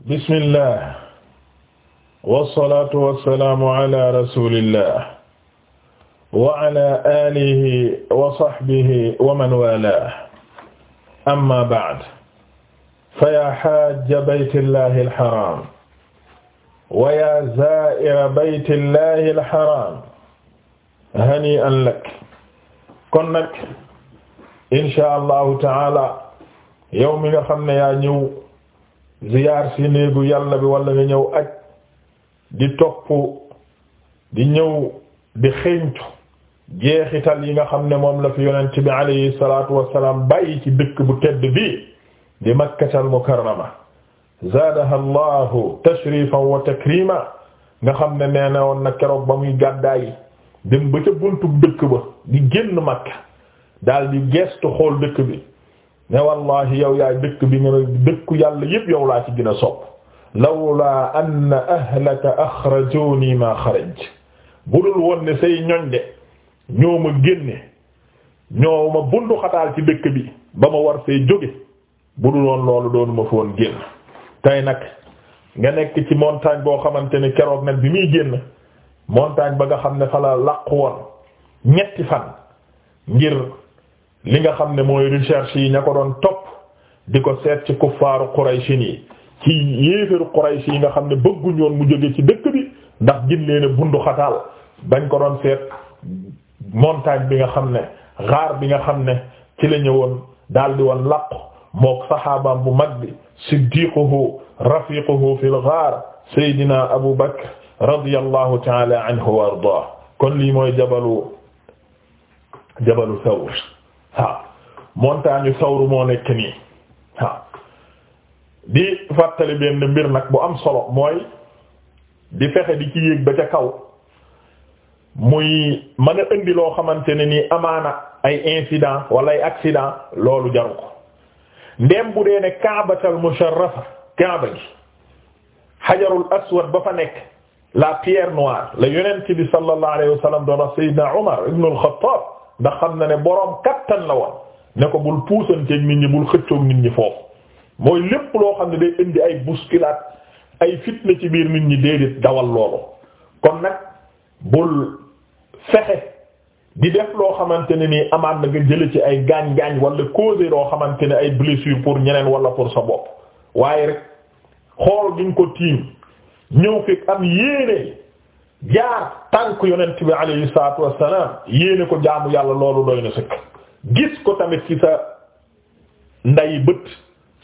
bismillah wasalaatu wasalaamu ala rasulillah wa ala alihi wa sahbihi wa man walah amma ba'd fa ya hajja baytillahi alharam wa ya zaa'ira baytillahi alharam hani'an lak kon nag insha allahu ta'ala yow mi nga xam ne yaa ñëw ziyaar si néegu yàlla bi wala nga ñëw aj di topp di ñëw di xeeñtu jeexital yi nga xam ne moom la fi yonent bi alayhi salaatu wassalaam bàyyi ci dëkk bu tedd bi di makkatal mukarrama zaadaha allahu tashrifan wa takrima nga xam ne nee na woon na keroog ba muy gàddaayi dem ba ca buntu dëkk ba di génn makka daal di gestu xool dëkk bi ne wallahi yow yaay dëkk bi nga dëkku yàlla yëpp yow laa ci gën a sopp lawlaa ann ahlaka axrajuni ma xaraj bu dul woon ne say ñoñ de ñoo ma génne ñoo ma bundu ci dëkk bi ba ma war fee jóge bu dul woon loolu doonuma ma foon génn tey nag nga nekk ci montagne boo xamante ni keroog nag bi muy génn montagne ba nga xam ne fa la laq woon ñetti fan ngir li nga xam ne mooy recherche yi ña ko doon topp di ko seet ci kuffaaru Qurayshin yi ci yéeféru Quraysh yi nga xam ne bëgguñu woon mu jóge ci dëkk bi ndax gin leen bundu xataal bañ ko doon seet montagne bi nga xam ne xaar bi nga xam ne ci la ñëwoon daal di woon làqu mook saxaabaam bu mag bi siddiquhu rafiquhu fil xaar Seydina Abu Bakr radiyallahu taala anhu wa ardaah kon lii mooy jabalu jabalu Sawr montagne sawru moo nekk nii waaw di fàttali benn mbir nag bu am solo mooy di fexe di ci yéeg ba ca kaw muy man a indi loo xamante ne nii amaana ay incident wala ay accident loolu jaru ko ndem bu dee ne kaabatal musharrafa kaaba gi xajarul aswad ba fa nekk la pierre noire la yonent bi sallallahu alayhi wa sallam doon wax Umar ibn al ndax xam na ne boroom kattan la woon ne ko bul puusanteeg nit ñi bul xëccoog nit ñi foofu mooy lépp loo xam ne day indi ay bousculade ay fitna ci biir nit ñi déedéet dawal loolu kon nag bul fexe di def loo xamante ne nii amaat na nga jële ci ay gaañ-gaañ wala causer loo xamante ne ay blessure pour ñeneen wala pour sa bopp waaye rek xool duñ ko tiim ñëw fekk am yéene jaar tànk yonent bi alayhi salaatu wassalaam yéene ko jaamu yàlla loolu doy na sëkk gis ko tamit ci sa nday bët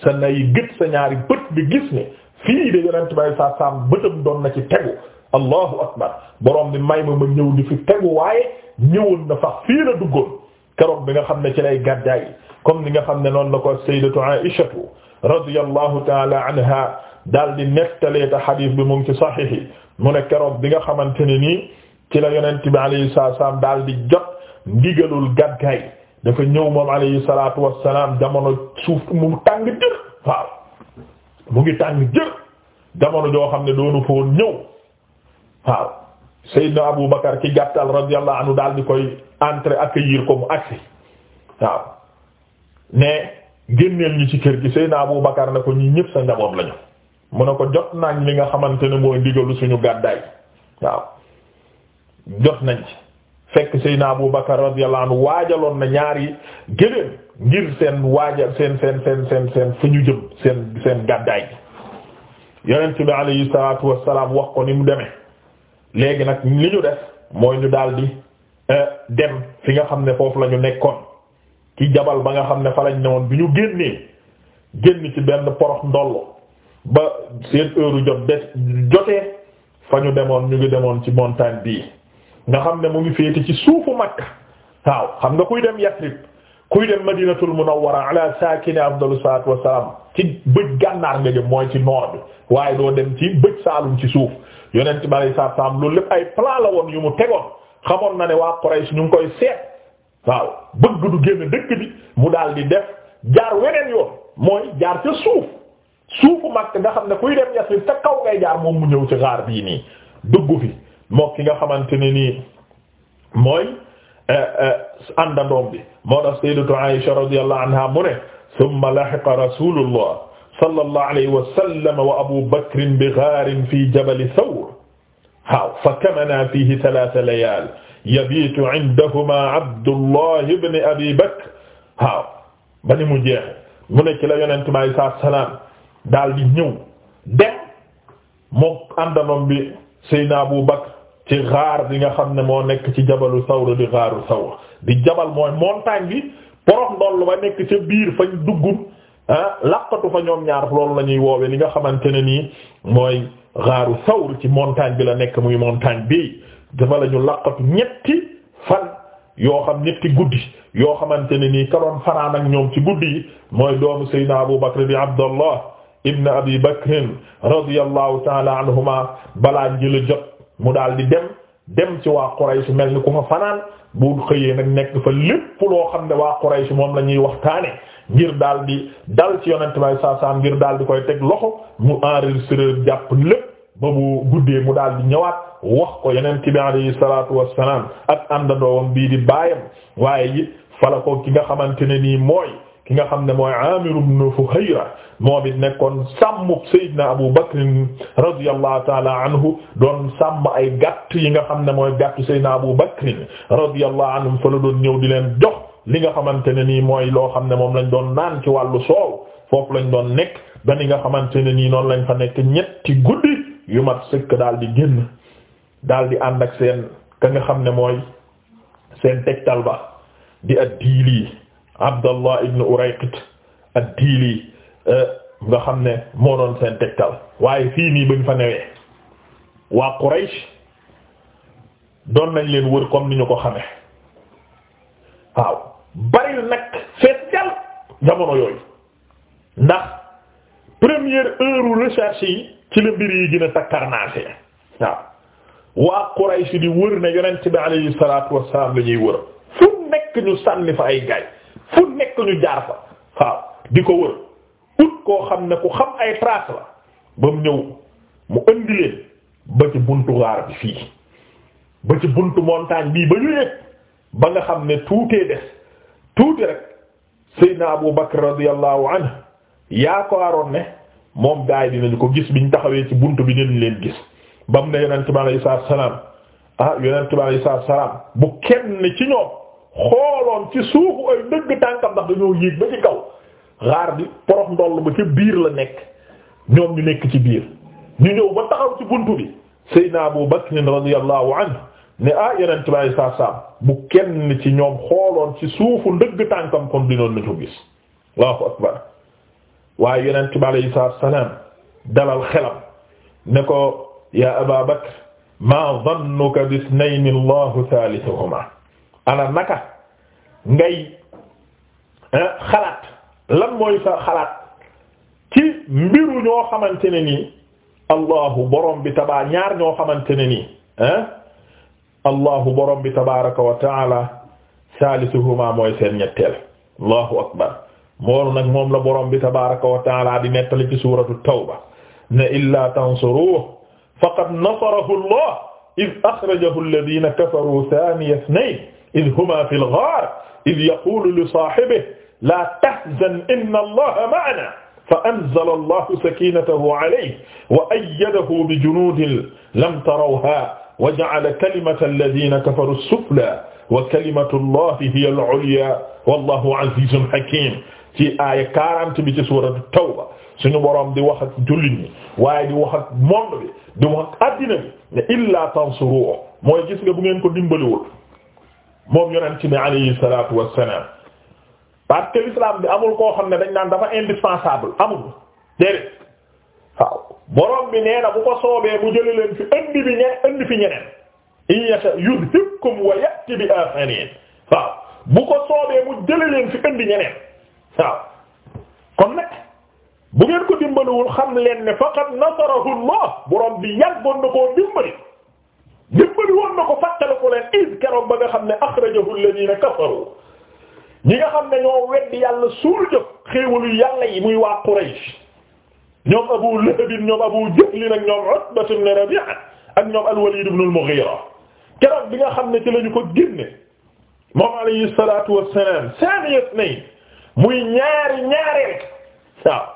sa nday gët sa ñaari bët bi gis ne fii de yonent bay sa saam bëtam doon na ci tegu allahu akbar borom bi may ma ma ñëw di fi tegu waaye ñëwoon na fa fii la duggoon keroog bi nga xam ne ci lay gàddaay comme ni nga xam ne noonu la ko sayyidatu Aishatu radiyallahu taala anha daal di nettalee te xadiis bi mu ngi ci saxiix yi mu ne keroog bi nga xamante ne nii ci la yonent bi alayhi salaam daal di jot ndigalul gàddaay dafa ñëw moom alayhi salaatu wassalaam jamono suuf mu tàng jër waaw mu ngi tàng jër jamono joo xam ne doonu foon ñëw waaw Seydina Abu Bakar ci gàttal radiyallahu anhu daal di koy ak accueillir ko mu agsi waaw ne génneel ñu ci kër gi Seydina Abu Bakar ne ko ñi ñëpp sa njaboot lañu mu ne ko jot nañ li nga xamante ne mooy ndigalu suñu gàddaay waaw jot nañ ci fekk Seydina Abu Bakar radiyallahu anhu waajaloon na ñaari gëléem ngir seen waajal seen seen seen seen seen ñu jëm seen seen gàddaay gi yonent bi alayhi salaatu wassalaam wax ko ni mu demee léegi nag li ñu def mooy ñu daldi euh, dem fi nga xam ne foofu la ñu nekkoon ci jabal ba nga xam ne fa lañ newoon bi ñu génnee génn ci benn porox ndollo ba seen heure jot des jotee fa ñu demoon ñu ngi demoon ci montagne bii nga xam ne mu ngi féete ci suufu Makka waaw xam nga kuy dem Yasrib kuy dem Madinatul Munawwara ala saakini afdalu salaatu wassalaam ci bëj gànnaar nga jëm mooy ci nord bi waaye doo dem ci bëj Saalum ci suuf yonent bi alayhi salaatu wassalaam loolu lépp ay plan la woon yu mu tegoon xamoon na ne waa Quraysh ñu ngi koy seet waaw bëgg du génn dëkk bi mu daal di def jaar weneen yoon mooy jaar ca suuf suufu Makka nga xam ne kuy dem Yasrib te kaw ngay jaar moom mu ñëw ci xaar bii nii dugg moo ki nga xamante ne nii mooy eh, eh, àndandoom bi moo tax sayyidatu Aisha radiyallahu anha mu ne thumma lahiqa rasulullah sallallahu alayhi wa sallam wa abu bakrin bi ghaarin fi jabali thawr waaw fa kamana fihi thalatha layal yabitu indahuma abdullah ibn abi bakr waaw ba ni mu jeex mu ne ci la yonent bi alayhi salaatu wa salaam daal di ñëw dem mook àndandoom bi sayyidina abu bakr ci xaar bi nga xam ne moo nekk ci jabalu sawra di xaaru sawra di jabal mooy montagne bi porox ndoll ba nekk ca biir fañ duggum ah laqatu fa ñoom ñaar loolu la ñuy woowe li nga xamante ne nii mooy xaaru sawr ci montagne bi la nekk muy montagne bi dafa la ñu laqatu ñetti fan yoo xam ñetti guddi yoo xamante ne nii ka doon fanaan ak ñoom ci guddi yi mooy doomu Seydina Abu Bakr di Abdallah ibn Abi Bakr radiyallahu ta'ala anhuma balaa njëla mu daal di dem dem ci waa Quraysh mel ni ku fa fanaan bu xëyee nag nekk fa lépp loo xam ne waa Quraysh moom la ñuy waxtaane ngir daal di dal ci yonent bay saa saa ngir daal di koy teg loxo mu enregistré jàpp lépp ba bu guddee mu daal di ñëwaat wax ko yonent bi alayhi salaatu wassalaam ak àndandoowam bii di baayam waaye it fala ko ki nga xamante ne nii mooy ki nga xam ne mooy Aamir ibn Fuhayra moom it nekkoon sàmm Seydina Abu Bakr radiyallahu taala anhu doon sàmm ay gàtt yi nga xam ne mooy gàtt Seydina Abu Bakr radiyallahu anhu fa la doon ñëw di leen jox li nga xamante ne nii mooy loo xam ne moom lañ doon naan ci wàllu soow foofu lañ doon nekk ba ni nga xamante ne nii noonu lañ fa nekk ñetti guddi yu ma sëkk daal di génn daal di ànd ak seen ka nga xam ne mooy seen tegtal ba di ad diili Abdallah ibn Urayqit ad-Dili eh, nga xam ne moo doon seen tegtal waaye fii nii bañ fa newee waa Quraysh doon nañ leen wër comme ni ñu ko xamee waaw bari nag fees jàll jamono yooyu ndax première heure recherche yi ci la mbir yi gën a takkarnaase waaw waa Quraysh di wër ne yonent bi alayhi salaatu wassalaam la ñuy wër fu nekk ñu sànni fa ay gaay fu nekk ñu jaar fa waaw di ko wër ut koo xam ne ku xam ay trace la ba mu ñëw mu indi leen ba ci buntu gaar bi fii ba ci buntu montagne bii ba ñu yëg ba nga xam ne tuutee des tuuti rek Seydina Abu Bakr radiyallahu anhu yaakaaroon ne moom gaay dinañu ko gis biñ taxawee ci bunt bi dinañ leen gis ba mu ne yonent bi alayhi salaam ah salaam bu kenn ci ñoom xooloon ci suufu ay dëgg tànkam ndax dañoo yéeg ba ci kaw bi porof ndoll ba ci biir la nekk ñoom ñu nekk ci biir ñu ñëw ba taxaw ci buntu bi Seydina Abu Bakr radiyallahu anhu ne ah yeneen tubaab yi mu bu kenn ci ñoom xooloon ci suufu ndëgg tànkam kon dinoon na ko gis Allahu akbar waaye yeneen tubaab yi saa salaam dalal xelam ne ko Aba Bakr maa zannuka bi isnayni Allahu thaalithuhumaa ana naka ngay eh, xalaat lan mooy sa xalaat ci mbiru ñoo xamante ne nii allahu borom bi tabaa ñaar ñoo xamante ne nii ah eh? allahu borom bi tabaraka wa taala salisuhuma mooy seen ñetteel allahu akbar moolu nag moom la borom bi tabaraka wa taala di nettali ci suratu tawba ne illaa tansuruhu faqad nasarahu allah iz axrajahu alladina kafaru thaniya ithnayn id huma fi lgaar id yaqulu li saahibihi laa tahzan inna allaha ma'anaa fa anzala allahu sakiinatahu alayhi wa ayyadahu bi junuudin lam tarawhaa wa ja'ala kalimata allaziina kafaruu as-suflaa wa kalimatu llahi hiya al-'ulyaa wallaahu 'aziizun hakiim ci aaya 40 bi ci suuratu tawba suñu boroom di wax ak jullit ñi waaye di wax ak monde bi di wax ak addina bi ne illaa tansuruuhu mooy gis nga bu ngeen ko dimbaliwul moom yonent bi alayhi salaatu wassalaam parce que l'islam bi amul koo xam ne dañ naan dafa indispensable amul déedéet waaw borom bi nee na bu ko soobee mu jëlee leen fi indi bi ñe indi fi ñeneen in yasha yudhibkum wa ya'ti bi akharin waaw bu ko soobee mu jëlee leen fi indi ñeneen waaw kon nag bu ngeen ko dimbalewul xam leen ne faqad nasarahu Allah borom bi yàggoon na koo dimbali dimbali woon na ko fàttaliku leen is keroog ba nga xam ne akhrajahu alladhina kafaru ñi nga xam ne ñoo weddi yàlla suul jëf xéewalu yàlla yi muy waa Quraysh ñoom Abu Lahab ñoom Abu Jahl nag ñoom Utba ibn Rabi'a ak ñoom al-Walid ibn al-Mughira keroog bi nga xam ne ci lañu ko génne moom alayhi salaatu wassalaam saani yëpp muy ñaari ñaareel waaw.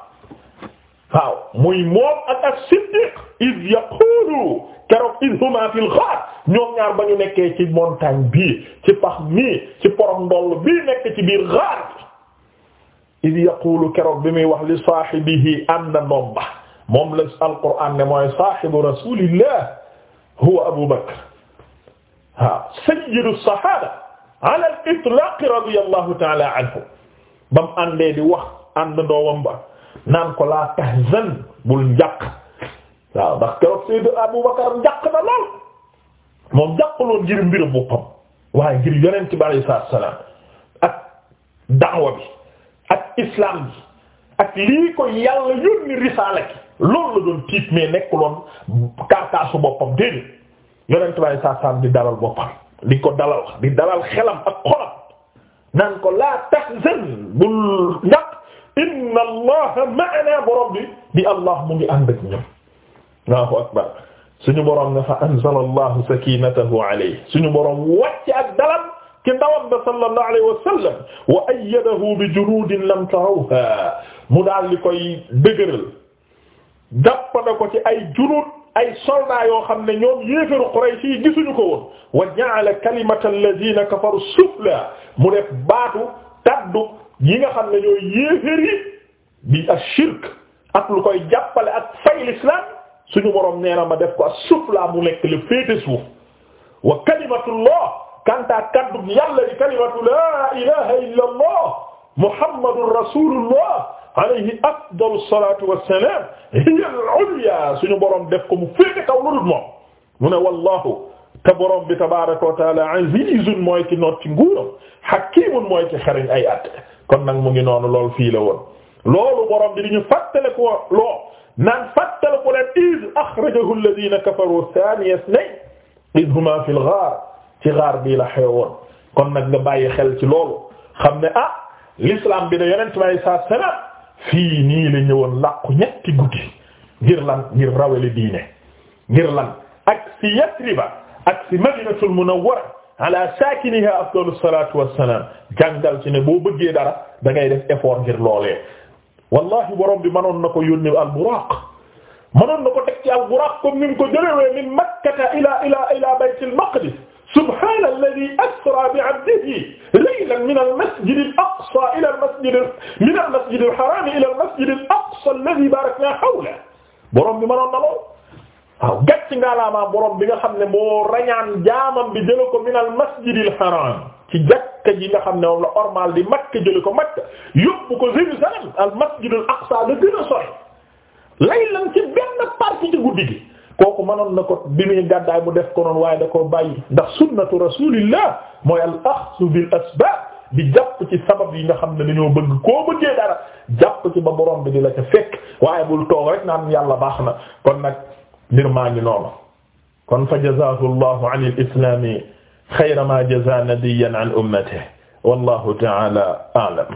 waaw muy moom ak as-Siddiq iz yaqulu keroog iz huma fil ghar ñoom ñaar ba ñu nekkee ci montagne bii ci pax mii ci porom ndoll bii nekk ci biir ghar iz yaqulu keroog bi muy wax li saahibihi am na nomba moom la alquran ne mooy saahibu rasulillah huwa Abu Bakr waaw sayyidu sahaba ala al-itlaq radiyallahu ta'ala anhu bam àndee di wax ànd ndoowam ba naan ko laa tahzan bul njàq waaw ndax keroog Seydou Abu Bakar njàq na lool moom njàqaloon ngir mbirum boppam waaye ngir yonent bi alayhi salaatu salaam ak daawa bi ak islam bi ak lii ko yàlla yónni risaala ki loolu la doon tiit mais nekkuloon karkaasu boppam déedéet yonent bi alayhi salaatu salaam di dalal boppam di ko dalal di dalal xelam ak xolam naan ko laa tahzan bul njàq inna allaha ma'ana borom bi di allah mu ngi ànd ak ñun allahu akbar suñu borom ne fa anzala allahu sakinatahu alayhi suñu borom wàcc ak dalam ci ndawam ba sallallahu alayhi wa sallam wa ayyadahu bi junuudin lam tarawha mu daal di koy dëgëral jàpp na ko ci ay junuud ay soldats yoo xam ne ñoom yéefaru Quraysh yi gisuñu ko woon wa ja'ala kalimata alladhina kafaru sufla mu def baatu taddu yi nga xam ne ñooy yéeféri bi ak shirk ak lu koy jàppale ak fay l'islam suñu borom nee na ma def ko ak sufla mu lekk le féete suuf wa kalimatullah kanta kaddu yàlla di kalimatu la ilaha illa allah muhammadur rasulullah alayhi afdalu def ko mu féete kaw lu dul mu ne wallahu te borom bi tabaraka wa taala azizun mooy ki noot ci nguuram hakimun mooy ki xariñ ay at kon nag mu ngi noonu lool fii la loolu borom bi di ñu fàttale ko loo naan fàttale ko leen iz axrajahu alladina kafaru thaniya isnayn iz huma fil ghaar ci ghaar bii la xewoon kon nag nga bàyyi xel ci loolu xam ne ah l'islam bi da yonent may sa sena fii nii la ñëwoon làqu ñetti guddi ngir lan ngir rawale diine ngir lan ak si Yathriba ak si Madinatul Munawwara ala saakiniha afdalu salaatu wassalaam jàngal ci ne boo bëggee dara da ngay def effort ngir loolee wallahi borom bi mënoon na ko yónni al-Buraaq mënoon na ko teg ci al-Buraaq comme ni mu ko jëlewee min makkata ila ila ila baytil maqdis subhaana alladhi asra bi abdihi laylan min al-masjid al-aqsa ila al-masjid min al-masjid al-haram ila al-masjid al-aqsa alladhi barakna hawlahu borom bi mënoon na lool waaw qiyaamaa borom bi nga xam ne moo rañaan jaamam bi jëla ko minal masjidil haram ci jàkka ji nga xam ne moom la ormal di Makka jële ko Makka yóbbu ko Jérusalem al masjidul aqsa la gën kooku mënoon na ko bi muy gàddaay mu def ko noonu waaye da koo bàyyi ndax sunnatu rasulillah mooy al axsu bil asbab di jàpp ci sabab yi nga xam ne dañoo bëgg koo bëggee dara jàpp ci ba borom bi di la ca fekk waaye bul toog rek naan yàlla baax na kon nag mbir maa ngi noonu kon fa jazaahu allahu an al-islaami xayra maa jazaa nabiyyan an ummatihi wallahu ta'ala a'lam